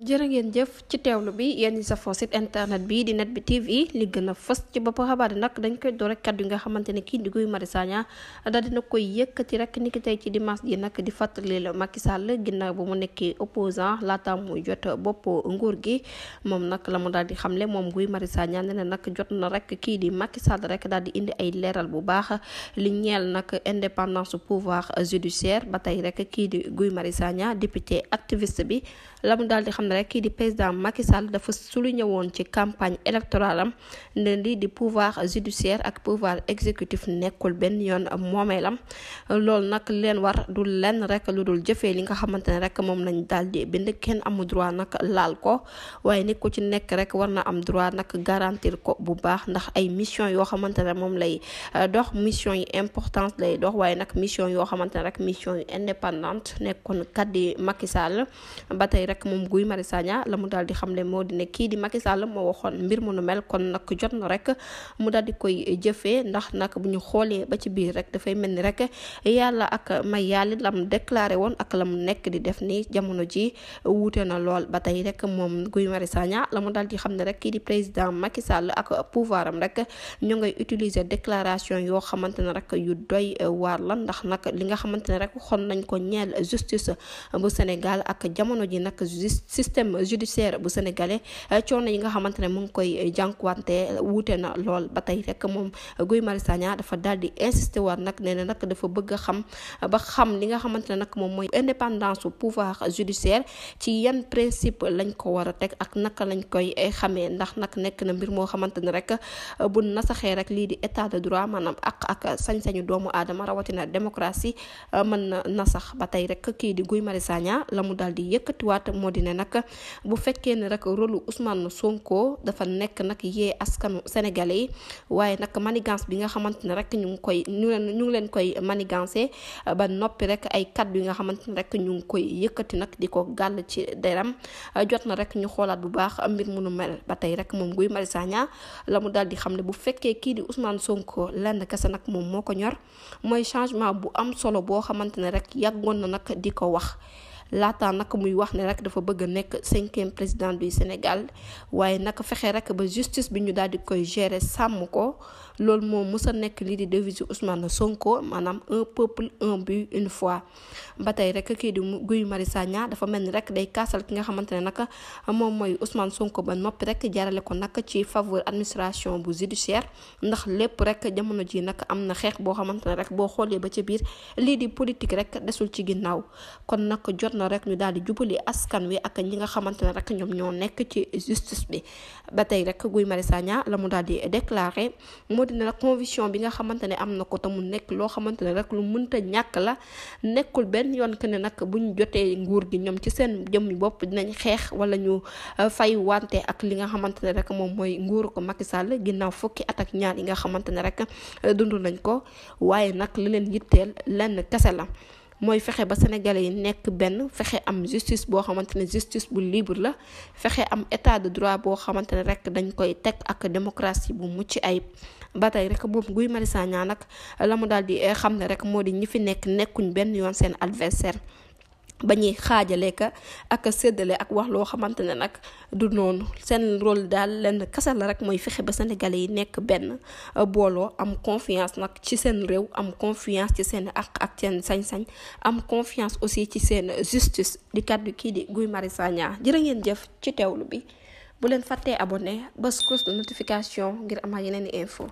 jërë ngeen jëf ci teewlu bi yéen ñi safoo site internet bi di net bi tv li gën a fës ci bopp xabaar yi nag dañ koy door rek kat yu nga xamante ne kii di Guy Marius Sagna daal dina koy yëkkati rek ni ki tey ci dimanche ji nag di fàttali la Macky Sall ginnaaw bu mu nekkee opposant laata muy jot bopp nguur gi moom nag la mu daal di xamle moom Guy Marius ne ne nag jot na rek kii di Macky Sall rek daal di indi ay leeral bu baax li ñeel nag indépendance pouvoir judiciaire ba tey rek kii di Guy Marius Sagna député activiste bi la mu di xam ne rek kii di président Macky Sall dafa souligné woon ci campagne électorale am ne lii di pouvoir judiciaire ak pouvoir exécutif nekkul benn yoon moomeelam loolu nag leen war du lenn rek lu dul jëfe li nga xamante ne rek moom lañ daal di bind kenn amu droit nag laal ko waaye nit ku ci nekk rek war na am droit nag garantir ko bu baax ndax ay mission yoo xamante ne moom lay euh, dox mission yi importance lay dox waaye nag mission yoo xamante ne rek mission yu indépendante nekkoon kaddi Macky Sall ba rek moom guy Marie Sagna la mu daal di xamle moo di ne kii di Macky Sall moo waxoon mbir mu nu mel kon nag jot na rek mu daal koy jëfee ndax nag bu ñu xoolee ba ci biir rek dafay mel ni rek yàlla ak may yàlla lam déclaré woon ak la mu nekk di def ni jamono ji wuute na lool ba tey rek moom Guy Marie Sagna la mu daal di xam ne rek kii di président Macky Sall ak pouvoir am rek ñu ngay utiliser déclaration yoo xamante ne rek yu doy waar la ndax nag li nga xamante ne rek xon nañ ko ñeel système judiciaire bu sénégalais eh, coono yi nga xamante ne mu ngi koy eh, jànkuwante wuute na lool ba tey rek moom Guy Marius Sagna dafa daal di insister waat nag nee na nag dafa bëgg a xam ba xam li nga xamante ne nag moom mooy indépendance su pouvoir judiciaire ci yan principe lañ ko war a teg ak naka lañ koy eh, xamee ndax nag nekk na mbir moo xamante ne rek bu nasaxee rek lii di état de droit maanaam ak ak sañ-sañu doomu aadama rawatina démocratie mën na nasax ba tey bu fekkee ne rek rôle Ousmane Sonko dafa nekk nag yee askanu sénégalais yi waaye nag manigance bi nga xamante ne rek ñu ngi koy ñu ñu ngi leen koy manigancé euh, ba noppi rek ay kàddu yi nga xamante ne rek ñu ngi koy yëkkati nag di ko gàll ci deram euh, jot na rek ñu xoolaat bu baax mbir mu nu mel ba tey rek moom Guy Marius la mu daal di xam ne bu fekkee kii di Ousmane Sonko lenn kese nag moom moo ko ñor mooy changement bu am solo boo xamante ne rek yàggoon na nag di ko wax laata nag muy wax ne rek dafa bëgg a nekk cinquième président du Sénégal waaye naka fexe rek ba justice bi ñu daal di koy gérer sàmm ko loolu moo mës a nekk lii di devise Ousmane Sonko maanaam un peuple un but une foi ba tey rek kii di Guy Marius Sagna dafa mel ni rek day kaasal ki nga xamante ne nag moom moy Ousmane Sonko ba noppi rek jarale ko nag ci favour administration bu judiciaire ndax lépp rek jamono ji nag am na xeex boo xamante ne rek boo xoolee ba ca biir lii di politique rek desul ci ginnaaw na rek ñu daal di jubali askan wi ak ñi nga xamante ne rek ñoom ñoo nekk ci justice bi ba tey rek Guy Marius Sagna la mu daal di déclaré moo di ne conviction bi nga xamante ne am na ko te mu nekk loo xamante ne rek lu mënta ñàkk la nekkul benn yoon que ne nag bu ñu jotee nguur gi ñoom ci seen jëm bopp dinañ xeex wala ñu euh, fay wante ak li nga xamante ne rek moom mooy nguuru ko Macky Sall ginnaaw fukki at ak ñaar yi nga xamante ne rek euh, dundu nañ ko waaye nag li leen lenn kese la mooy fexe ba sénégalais yi nekk benn fexe am justice boo xamante ne justice bu libre la fexe am état de droit boo xamante ne rek dañ koy teg ak démocratie bu mucc ayib ba tey rek moom Guy Marius nag la mu daal di eh, xam ne rek moo di ñi fi nekk nekkuñ benn yoon seen adversaire ba ñuy xaajale ka ak séddale ak wax loo xamante ne nag du noonu seen rôle daal lenn kese rek mooy fexe ba sénégalais yi nekk benn booloo am confiance nag ci seen réew am confiance ci seen ak ak seen sañ-sañ am confiance aussi ci seen justice di kàddu kii di Guy Marius Sagna jërë ngeen jëf ci teewlu bi bu leen fàttee abonné bés cloche de notification ngir amaat yeneen info